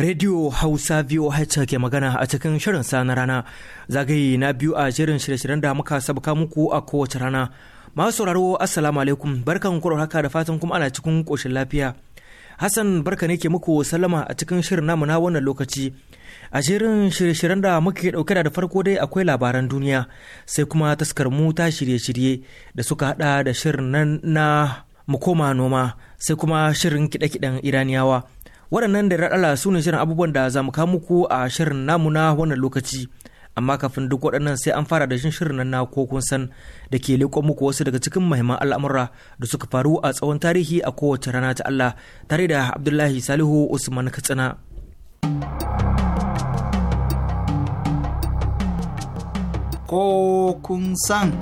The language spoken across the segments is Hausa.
Radio Hausa VOH ke magana a cikin shirin sa na rana zagaye na biyu a shirin shirye-shiryen da muka sabuka muku a kowace rana. Masu sauraro Assalamu alaikum barkan ku haka da fatan kuma ana cikin koshin lafiya. Hassan barka ne ke muku sallama a cikin shirin namu na wannan lokaci. A shirin shirye-shiryen da muke dauke da farko dai akwai labaran duniya sai kuma taskar mu ta shirye-shirye da suka hada da shirin nan na mu koma noma sai kuma shirin kiɗe-kiɗen Iraniyawa. waɗannan da raɗala su ne shirin abubuwan da za mu kawo muku a shirin namu na wannan lokaci amma kafin duk waɗannan sai an fara da shin shirin nan na ko kun san da ke leƙo muku wasu daga cikin muhimman al'amura da suka faru a tsawon tarihi a kowace rana ta Allah tare da Abdullahi Salihu Usman Katsina. Ko kun san.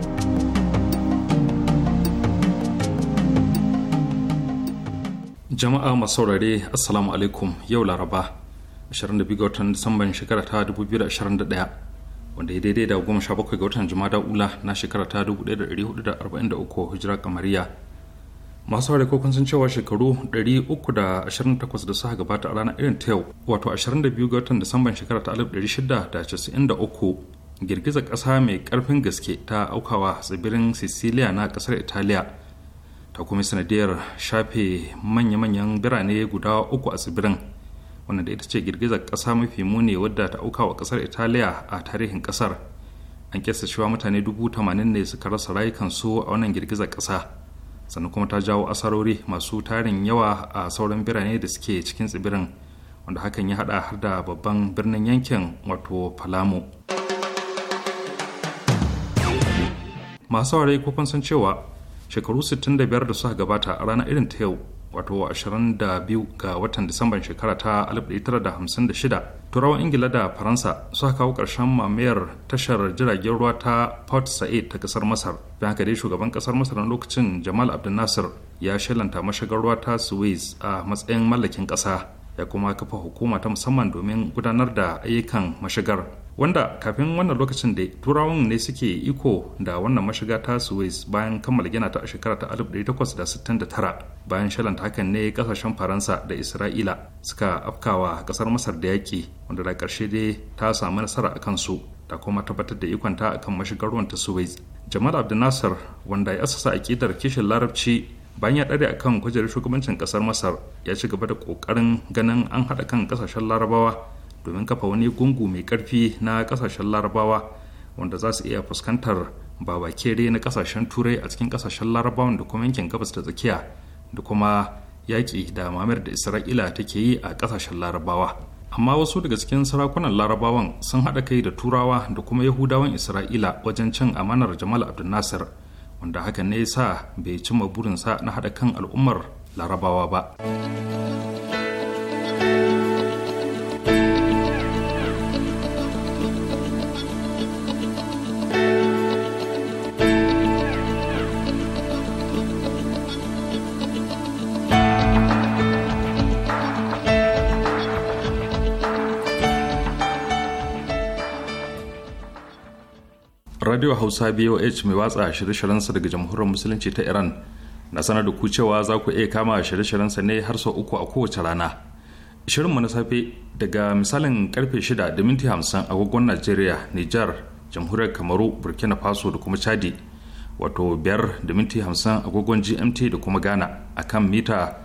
jama'a masu saurare assalamu alaikum yau laraba 22 ga watan disamban shekara ta 2021 wanda ya daidai da 17 ga watan jumada ula na shekara ta 1443 hijira kamariya masu saurare ko kun san cewa shekaru 328 da suka gabata a ranar irin ta yau wato 22 ga watan disamban shekara ta 1693 girgizar ƙasa mai ƙarfin gaske ta aukawa tsibirin sicilia na ƙasar italiya ta sanadiyar shafe manya-manyan birane guda uku a tsibirin wanda da ita ce girgizar ƙasa mafi muni wadda ta auka wa ƙasar italiya a tarihin ƙasar an kesa cewa mutane dubu tamanin ne suka rasa rayukansu a wannan girgizar ƙasa sannan kuma ta jawo asarori masu tarin yawa a sauran birane da suke cikin tsibirin wanda hakan ya hada har da babban birnin yankin wato palamo masu ware ko sun cewa shekaru 65 da suka gabata a ranar irin ta yau wato 22 ga watan disamban shekara ta 1956 turawan ingila da faransa suka kawo ƙarshen mamayar tashar jiragen ruwa ta port said ta ƙasar masar bayan haka dai shugaban ƙasar masar na lokacin jamal abdul nasir ya shalanta mashigar ruwa ta suez a matsayin mallakin ƙasa ya kuma kafa hukuma ta musamman domin gudanar da ayyukan mashigar wanda kafin wannan lokacin da turawan ne suke iko da wannan mashiga ta suez bayan kammala gina ta a shekara ta 1869 bayan shalanta hakan ne kasashen faransa da isra'ila suka afkawa kasar masar da yaƙi wanda da ƙarshe dai ta samu nasara a kansu ta kuma tabbatar da ikonta a kan mashigar ruwan ta suez jamal abdulnasar wanda ya asasa ƙidar kishin larabci bayan ya ɗare akan kujerar shugabancin ƙasar masar ya ci gaba da ƙoƙarin ganin an haɗa kan ƙasashen larabawa domin kafa wani gungu mai karfi na kasashen larabawa wanda za su iya fuskantar babakere na kasashen turai a cikin kasashen larabawan da kuma yankin gabas da tsakiya da kuma yaƙi da mamayar da isra'ila take yi a kasashen larabawa amma wasu daga cikin sarakunan larabawan sun haɗa kai da turawa da kuma yahudawan isra'ila wajen cin amanar jamal abdul nasir wanda hakan ne sa bai cimma burinsa na haɗa kan al'ummar larabawa ba. radio hausa boh mai watsa shirye-shiryensa daga jamhuriyar musulunci ta iran na sanar da ku cewa za ku iya kama shirye-shiryensa ne har sau uku a kowace rana mu na safe daga misalin karfe shida da minti 50 agogon najeriya niger jamhuriyar kamaru burkina faso da kuma chadi wato 5 da minti 50 agogon gmt da kuma ghana a kan mita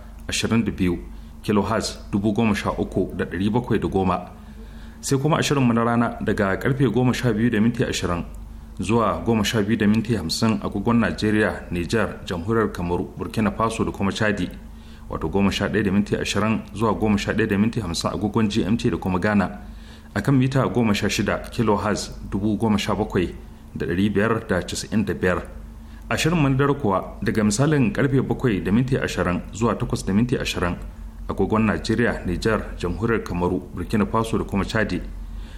bakwai da goma sai kuma ashirinmu na rana daga karfe sha biyu da minti ashirin. zuwa goma sha biyu da minti hamsin agogon najeriya niger jamhuriyar kamaru burkina faso da kuma chadi wato goma sha ɗaya da minti zuwa goma sha ɗaya agogon gmt da kuma ghana a kan mita goma sha shida A dubu goma sha bakwai da ɗari biyar da da biyar ashirin manadar kuwa daga misalin karfe bakwai da minti ashirin zuwa takwas da minti ashirin agogon najeriya niger jamhuriyar kamaru burkina faso da kuma chadi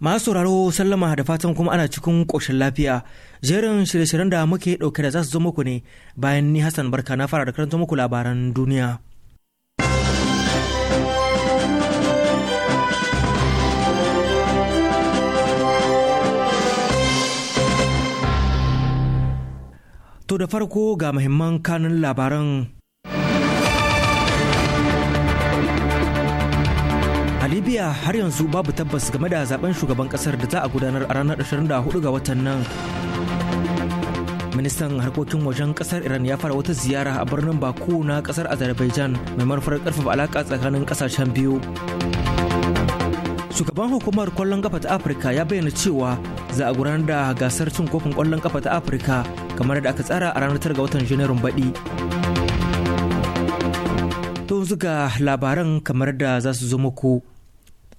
masu sauraro sallama da fatan kuma ana cikin ƙoshin lafiya jerin shirye-shiryen da muke ɗauke da za su zo muku ne bayan ni hassan barka na fara da karanta muku labaran duniya to da farko ga muhimman kanun labaran libya har yanzu babu tabbas game da zaben shugaban kasar da za a gudanar a ranar 24 ga watan nan ministan harkokin wajen kasar iran ya fara wata ziyara a birnin baku na kasar azerbaijan mai manufar karfafa alaka tsakanin kasashen biyu shugaban hukumar kwallon kafa ta afirka ya bayyana cewa za a gudanar da gasar cin kofin kwallon kafa ta afirka kamar da aka tsara a ranar 9 ga watan janairun baɗi to zuga labaran kamar da za su zo muku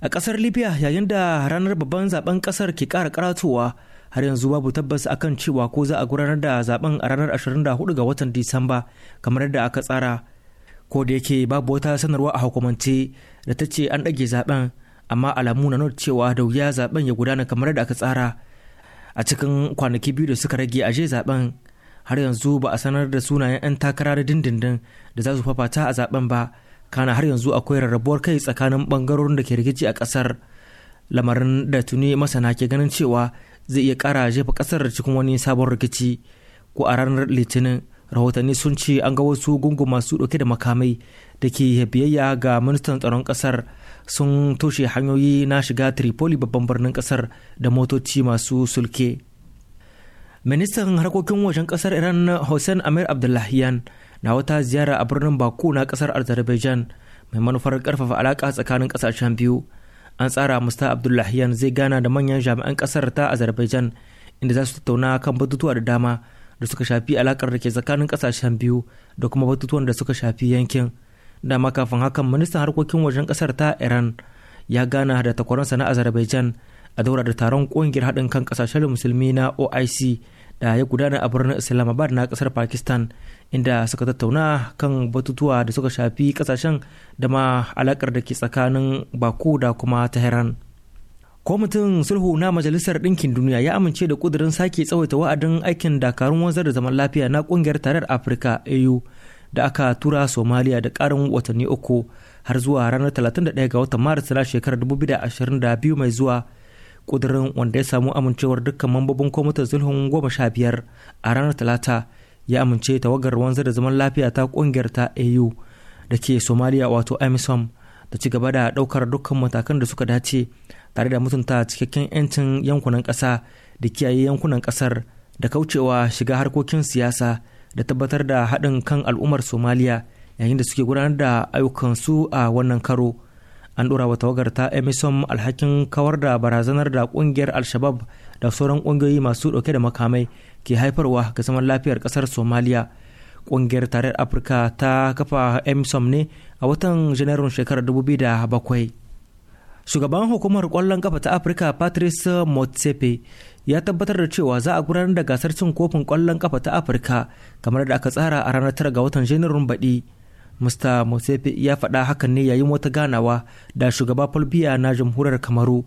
a kasar libya yayin da ranar babban zaben kasar ke kara karatowa har yanzu babu tabbas akan cewa ko za a gudanar da zaben a ranar 24 ga watan disamba kamar yadda aka tsara ko da yake babu wata sanarwa a hukumance da ta ce an ɗage zaben amma alamu na nuna cewa da wuya zaben ya gudana kamar yadda aka tsara a cikin kwanaki biyu da suka rage a je zaben har yanzu ba a sanar da sunayen 'yan takara da dindindin da za su fafata a zaben ba kana har yanzu akwai rarrabuwar kai tsakanin bangarorin da ke rikici a kasar lamarin da tuni masana ke ganin cewa zai iya kara jefa kasar cikin wani sabon rikici ko a ranar litinin rahotanni sun ce an ga wasu gungun masu dauke da makamai da ke biyayya ga ministan tsaron kasar sun toshe hanyoyi na shiga tripoli babban birnin kasar da motoci masu sulke ministan harkokin wajen kasar iran hussein amir abdullahiyan na wata ziyara a birnin baku na kasar azerbaijan mai manufar karfafa alaka tsakanin kasashen biyu an tsara musta abdullahiyan zai gana da manyan jami'an kasar ta azerbaijan inda za su tattauna kan batutuwa da dama da suka shafi alakar da ke tsakanin kasashen biyu da kuma batutuwan da suka shafi yankin dama kafin hakan ministan harkokin wajen kasar ta iran ya gana da takwaransa na azerbaijan a daura da taron kungiyar haɗin kan ƙasashen musulmi na oic da ya gudana a birnin islamabad na kasar pakistan inda suka tattauna kan batutuwa da suka shafi kasashen da ma alaƙar da ke tsakanin baku da kuma tehran kwamitin sulhu na majalisar ɗinkin duniya ya amince da ƙudurin sake tsawaita wa'adin aikin dakarun wanzar da zaman lafiya na ƙungiyar tarar afirka au da aka tura somaliya da karin watanni uku har zuwa ranar 31 ga watan maris na shekarar 2022 mai zuwa kudirin wanda ya samu amincewar dukkan mambobin kwamitin sulhun goma sha biyar a ranar talata ya amince tawagar wanzar da zaman lafiya ta kungiyar ta au da ke somalia wato amisom da ci gaba da daukar dukkan matakan da suka dace tare da mutunta cikakken 'yancin yankunan ƙasa da kiyaye yankunan ƙasar da kaucewa shiga harkokin siyasa da tabbatar da haɗin kan al'ummar somalia yayin da suke gudanar da ayyukansu a wannan karo. an dora wa tawagar ta emisom alhakin kawar da barazanar da ƙungiyar alshabab da sauran ƙungiyoyi masu dauke da makamai ke haifarwa ga zaman lafiyar ƙasar somaliya ƙungiyar tarayyar afirka ta kafa emisom ne a watan janairun shekarar 2007 shugaban hukumar kwallon kafa ta afirka patrice motsepe ya tabbatar da cewa za a gudanar da gasar cin kofin kwallon kafa ta afirka kamar da aka tsara a ranar tara ga watan janairun baɗi Mr. mosefe ya faɗa hakan ne yayin wata ganawa da shugaba falbiya na jamhuriyar Kamaru.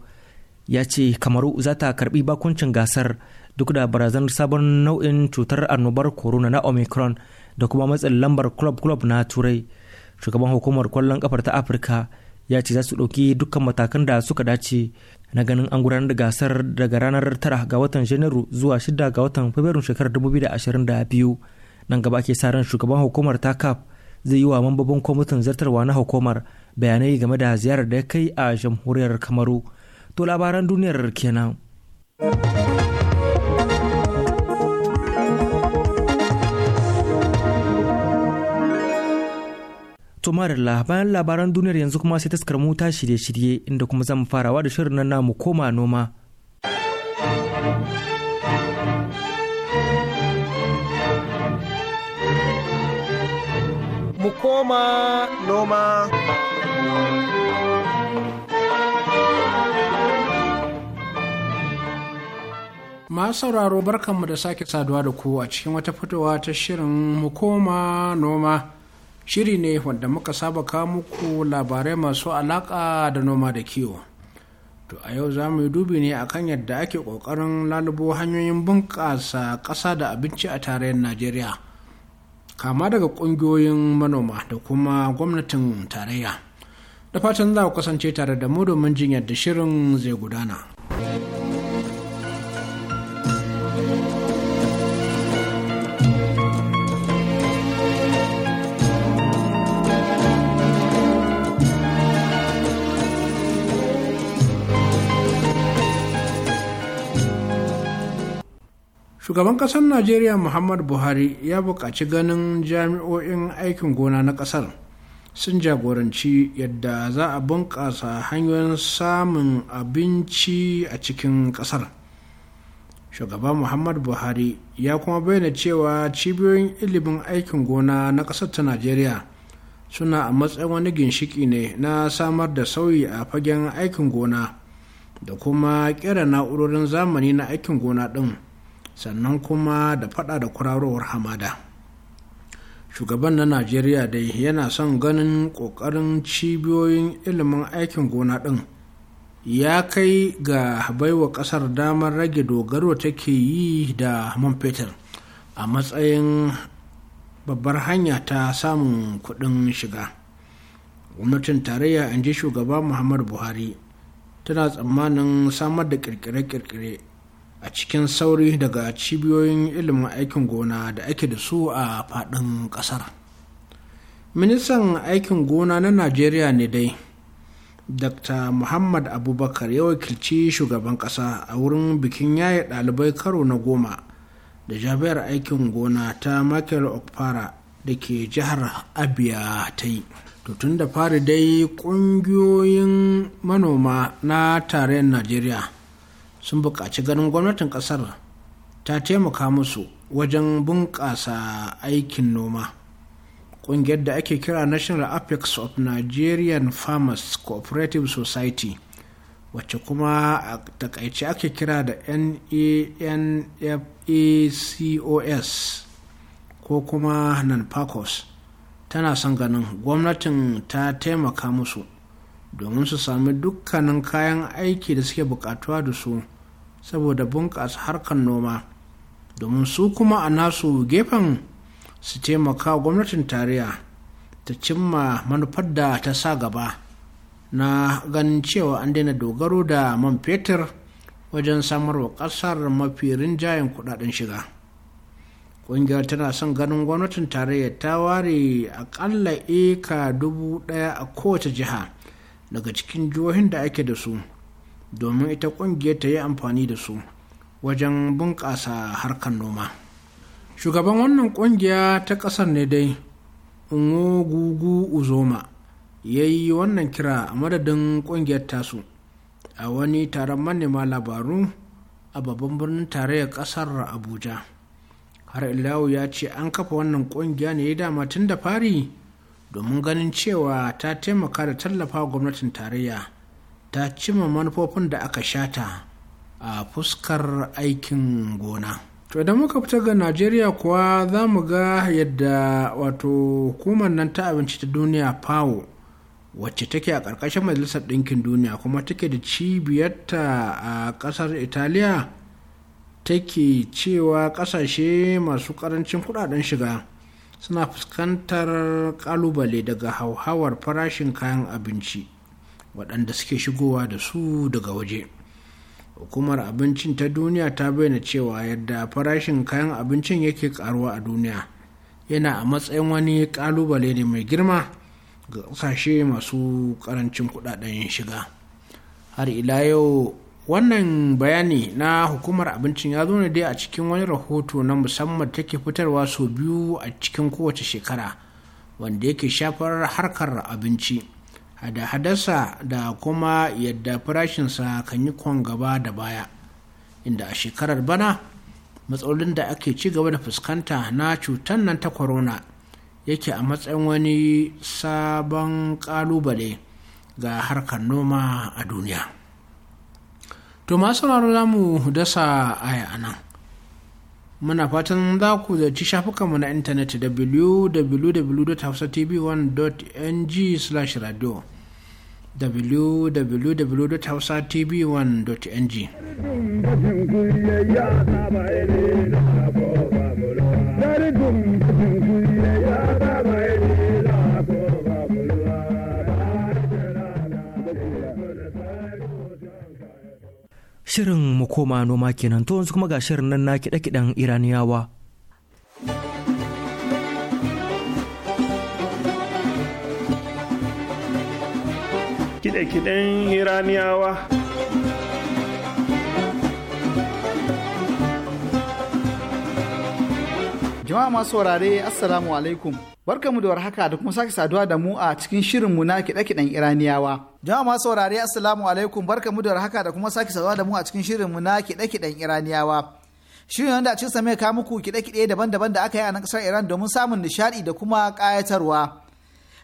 Ya ce Kamaru za ta karbi bakuncin gasar duk da barazanar sabon nau'in cutar annobar corona na Omicron da kuma matsin lambar club club na Turai. Shugaban hukumar kwallon kafar ta Afirka ya ce za su ɗauki dukkan matakan da suka dace na ganin an gudanar da gasar daga ranar tara ga watan Janairu zuwa shida ga watan Fabrairu shekarar 2022. Nan gaba ke sa ran shugaban hukumar ta CAF zai yi wa mambobin kwamitin zartarwa na hukumar bayanai game da ziyarar da ya kai a jamhuriyar kamaru to labaran duniyar kenan to marilla bayan labaran duniyar yanzu kuma sai taskar mu ta shirye-shirye inda kuma zan farawa da shirin nan namu koma noma koma noma. masu sauraro barkanmu da sake saduwa da ku a cikin wata fitowa ta shirin mu koma noma shiri ne wanda muka saba kawo muku labarai masu alaƙa da noma da kiwo to a yau za mu yi dubi ne a kan yadda ake ƙoƙarin lalubo hanyoyin bunƙasa ƙasa da abinci a tarayyar najeriya kama daga ƙungiyoyin manoma da kuma gwamnatin tarayya da fatan za a kasance tare da mu domin jin yadda shirin zai gudana shugaban ƙasar najeriya muhammad buhari ya buƙaci ganin jami'o'in aikin gona na ƙasar sun jagoranci yadda za a bunƙasa hanyoyin samun abinci a cikin ƙasar shugaba muhammad buhari ya kuma bayyana cewa cibiyoyin ilimin aikin gona na ƙasar ta najeriya suna a matsayin wani ginshiki ne na samar da sauyi a fagen aikin gona da kuma ƙera na'urorin zamani na aikin gona ɗin. sannan kuma da fada da kurarowar hamada shugaban na najeriya dai yana son ganin ƙoƙarin cibiyoyin ilimin aikin gona ɗin ya kai ga baiwa ƙasar damar rage dogaro take yi da man fetur a matsayin babbar hanya ta samun kuɗin shiga gwamnatin tarayya in ji shugaba muhammadu buhari tana tsammanin samar da kirkire-kirkire a cikin sauri daga cibiyoyin ilimin aikin gona da ake da su a faɗin ƙasar ministan aikin gona na najeriya ne dai dr muhammad abubakar ya wakilci shugaban ƙasa a wurin bikin yaye ɗalibai karo na goma da jami'ar aikin gona ta michael okpara da ke jihar abia ta yi tun da fari dai ƙungiyoyin manoma na tarayyar najeriya sun buƙaci ganin gwamnatin ƙasar ta taimaka musu wajen bunƙasa aikin noma ƙungiyar da ake kira national apex of nigerian farmers cooperative society wacce kuma a takaice ake kira da nanfacos ko kuma nanfacos tana son ganin gwamnatin ta taimaka musu domin su sami dukkanin kayan aiki da suke bukatuwa da su saboda bunƙasa harkar noma domin su kuma a nasu gefen su taimaka gwamnatin tarayya ta cimma manufar da ta sa gaba na ganin cewa an daina dogaro da man fetur wajen samarwa ƙasar mafi rinjayen kudaden shiga ƙungiyar tana son ganin gwamnatin tarayya ta ware akalla eka dubu ɗaya a kowace jiha daga cikin jihohin da ake da su domin ita ƙungiyar ta yi amfani da su wajen bunƙasa harkar noma shugaban wannan ƙungiya ta ƙasar ne dai gugu uzoma ya yi wannan kira a madadin ƙungiyar tasu a wani taron manema labaru a babban birnin tarayyar ƙasar abuja har ilawu ya ce an kafa wannan ƙungiya ne ya dama tun da fari domin ganin cewa ta taimaka da tallafa gwamnatin tarayya ta cima manufofin da aka shata a fuskar aikin gona to idan muka fita ga najeriya kuwa za mu ga yadda wato hukumar nan ta abinci ta duniya fawo wacce take a ƙarƙashin majalisar ɗinkin duniya kuma take da cibiyarta a ƙasar italiya take cewa ƙasashe masu ƙarancin kuɗaɗen shiga suna fuskantar ƙalubale daga hauhawar farashin kayan abinci waɗanda suke shigowa da su daga waje hukumar abincin ta duniya ta bayyana cewa yadda farashin kayan abincin yake karuwa a duniya yana a matsayin wani kalubale ne mai girma ga ƙasashe masu ƙarancin kuɗaɗen shiga har ila yau wannan bayani na hukumar abincin ya zo ne dai a cikin wani rahoto na musamman take fitarwa sau biyu a cikin kowace shekara wanda yake shafar harkar abinci da hadarsa da kuma yadda farashinsa kan yi kwan gaba da baya inda a shekarar bana matsalolin da ake ci gaba da fuskanta na cutar nan ta corona yake a matsayin wani sabon kalubale ga harkar noma a duniya to masu za mu dasa aya a nan muna fatan za ku zaci shafukanmu na intanet www.hausatv1.ng/radio www.hausatv1.ng Shirin mu koma noma kenan to yanzu kuma ga shirin nan na kiɗe-kiɗen Iraniyawa. kide-kiden iraniyawa jama'a masu wurare assalamu alaikum barkamu da warhaka da kuma sake saduwa da mu a cikin shirinmu na kiɗe-kiɗen iraniyawa jama'a masu wurare assalamu alaikum barkamu da warhaka da kuma sake saduwa da mu a cikin shirinmu na kiɗe-kiɗen iraniyawa shirin wanda a cikin sa mai muku kiɗe-kiɗe daban-daban da aka yi a nan ƙasar iran domin samun nishaɗi da kuma ƙayatarwa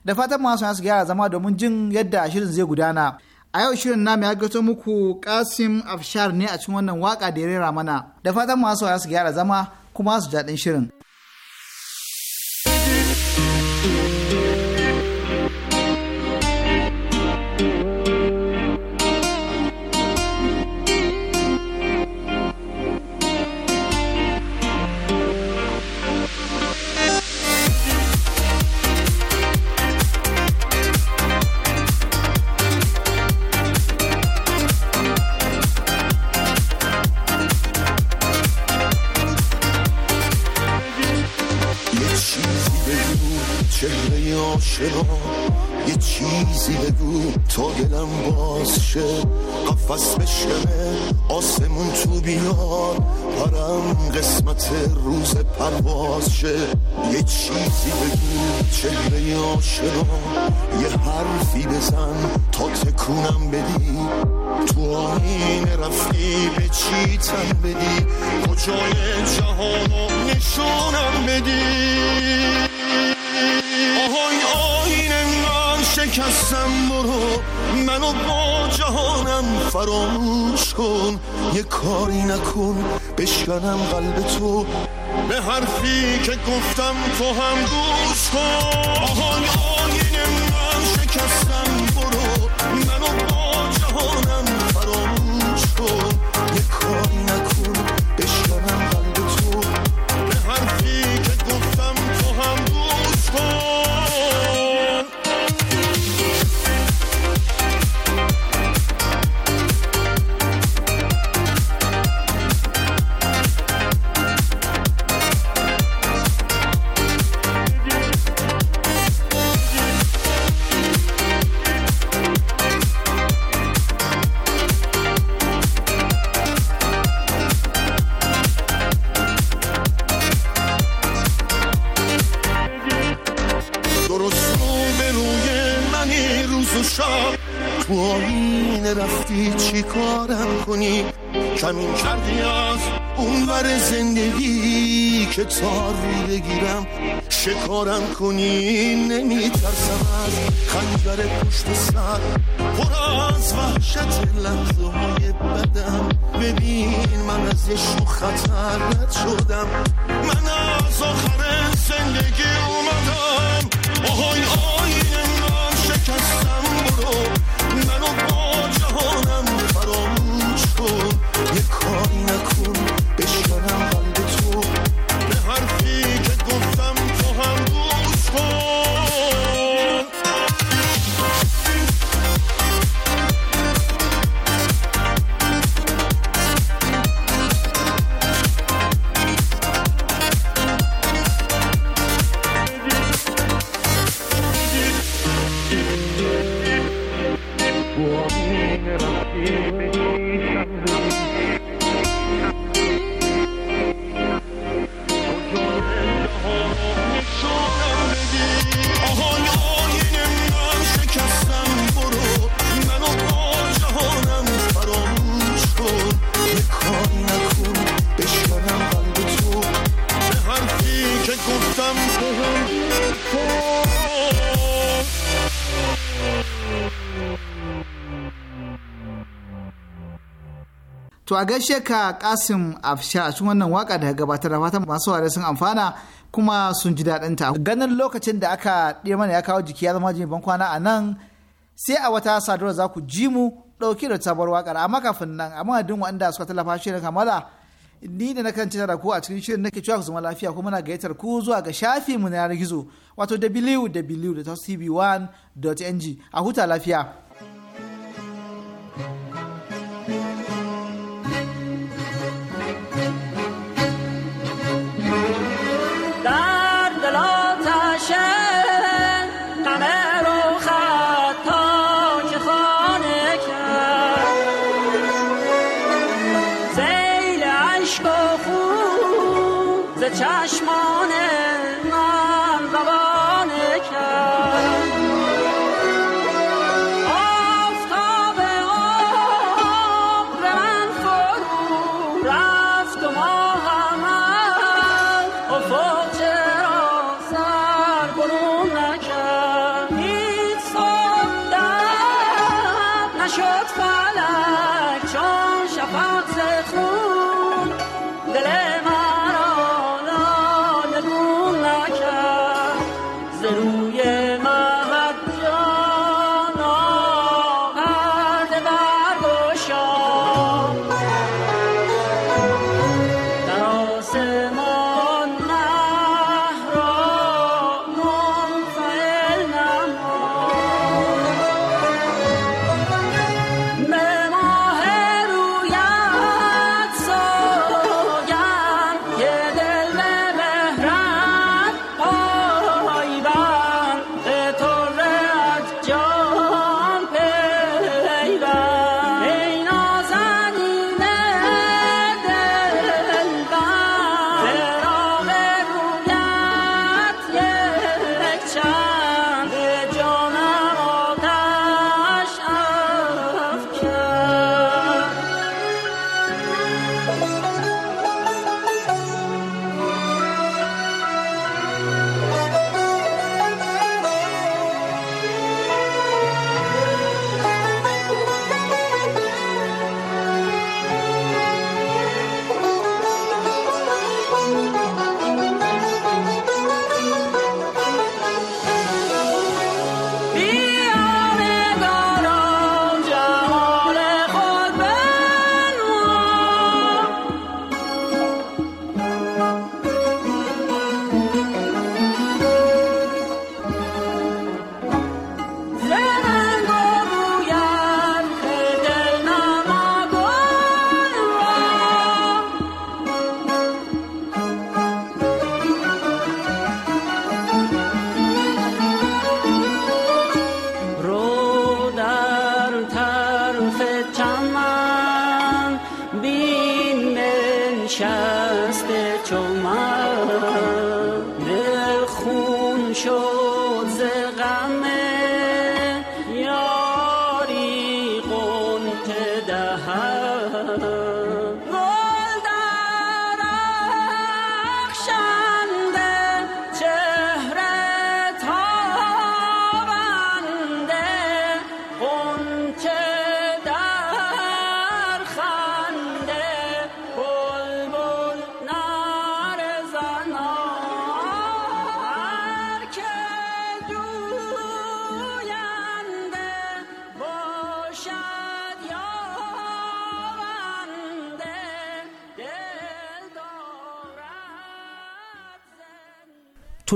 da fatan masu su gyara zama domin jin yadda shirin zai gudana a yau shirin namu ya gato muku kasim afshar ne a cikin wannan waka da ya rera mana da fatan masu su gyara zama kuma su daɗin shirin بگو چهره آشنا یه چیزی بگو تا دلم باز شه قفص بشمه آسمون تو بیاد پرم قسمت روز پرواز شه یه چیزی بگو چهره آشنا یه حرفی بزن تا تکونم بدی تو آین رفتی به چی تن بدی کجای جهانو نشونم بدی آهای آین من شکستم برو منو با جهانم فراموش کن یه کاری نکن بشکنم قلب تو به حرفی که گفتم تو هم گوش کن آهای آین من شکستم رو بگیرم شکارم کنی نمیترسم از خنجر پشت سر پر از وحشت لحظه های بدم ببین من از یه شو خطر شدم من از آخر زندگی اومدم آهای To a gaishe ka Kasim Afsha a cikin wannan waka da gabatar da fatan masu ware sun amfana kuma sun ji daɗin ta. Ganin lokacin da aka ɗaya mana ya kawo jiki ya zama jini ban kwana a nan sai a wata sadarwa za ku ji mu ɗauki da sabuwar wakar amma kafin nan amma adin wanda suka tallafa shirin kamala ni da na kan da ku a cikin shirin nake cewa ku zama lafiya kuma na gayyatar ku zuwa ga shafi mu na yanar gizo wato www.tv1.ng a huta lafiya.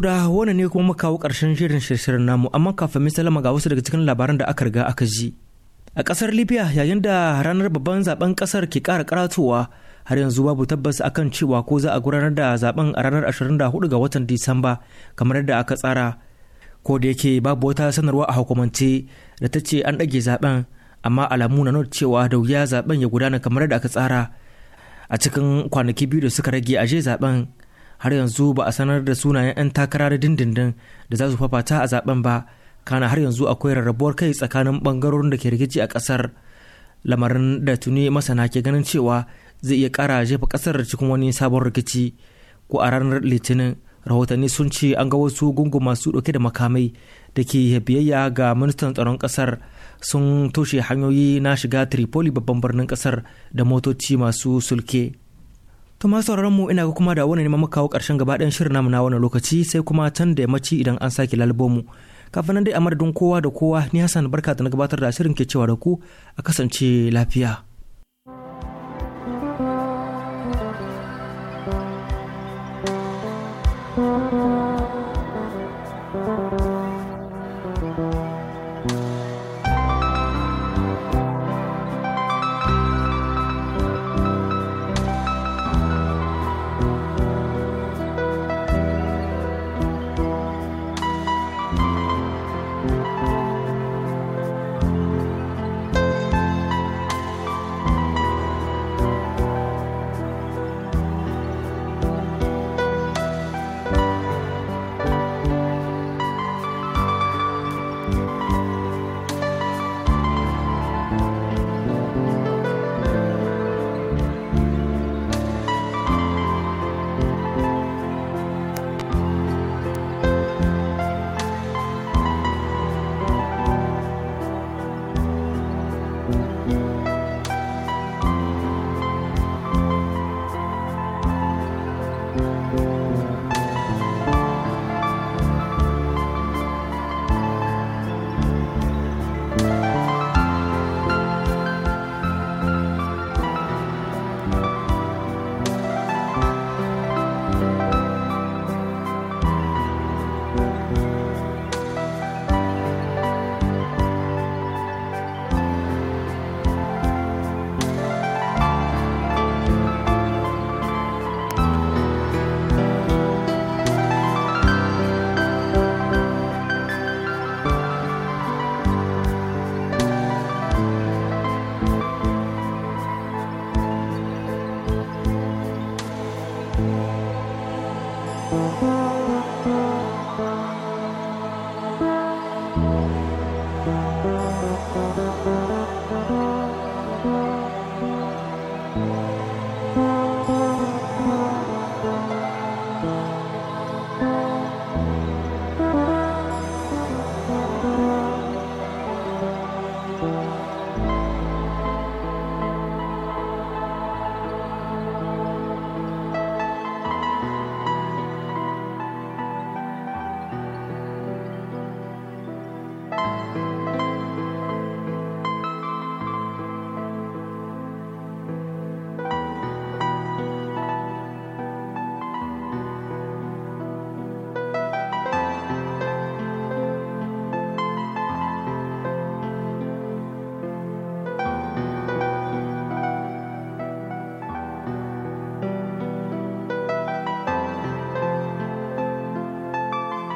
Dauda wani ne kuma muka kawo ƙarshen shirin shirin namu amma kafin mai salama ga wasu daga cikin labaran da aka riga aka ji. A ƙasar Libya yayin da ranar babban zaben ƙasar ke ƙara karatowa har yanzu babu tabbas akan cewa ko za a gudanar da zaben a ranar 24 ga watan Disamba kamar yadda aka tsara. Ko da yake babu wata sanarwa a hukumance da ta ce an ɗage zaben amma alamu na nuna cewa da wuya zaben ya gudana kamar yadda aka tsara. A cikin kwanaki biyu da suka rage a je zaben har yanzu ba a sanar da sunayen 'yan takara da dindindin da za su fafata a zaben ba kana har yanzu akwai rarrabuwar kai tsakanin bangarorin da ke rikici a kasar lamarin da tuni masana ke ganin cewa zai iya kara jefa kasar cikin wani sabon rikici ko a ranar litinin rahotanni sun ce an ga wasu gungun masu dauke da makamai da ke biyayya ga ministan tsaron kasar sun toshe hanyoyi na shiga tripoli babban birnin kasar da motoci masu sulke To ma sauraron mu ina ga kuma da wani neman makawo kawo ƙarshen gaba ɗayan shirin namu na wannan lokaci sai kuma can da yammaci idan an sake lalubo mu. Kafin nan dai a madadin kowa da kowa ni Hassan barka da na gabatar da shirin ke cewa da ku a kasance lafiya. thank you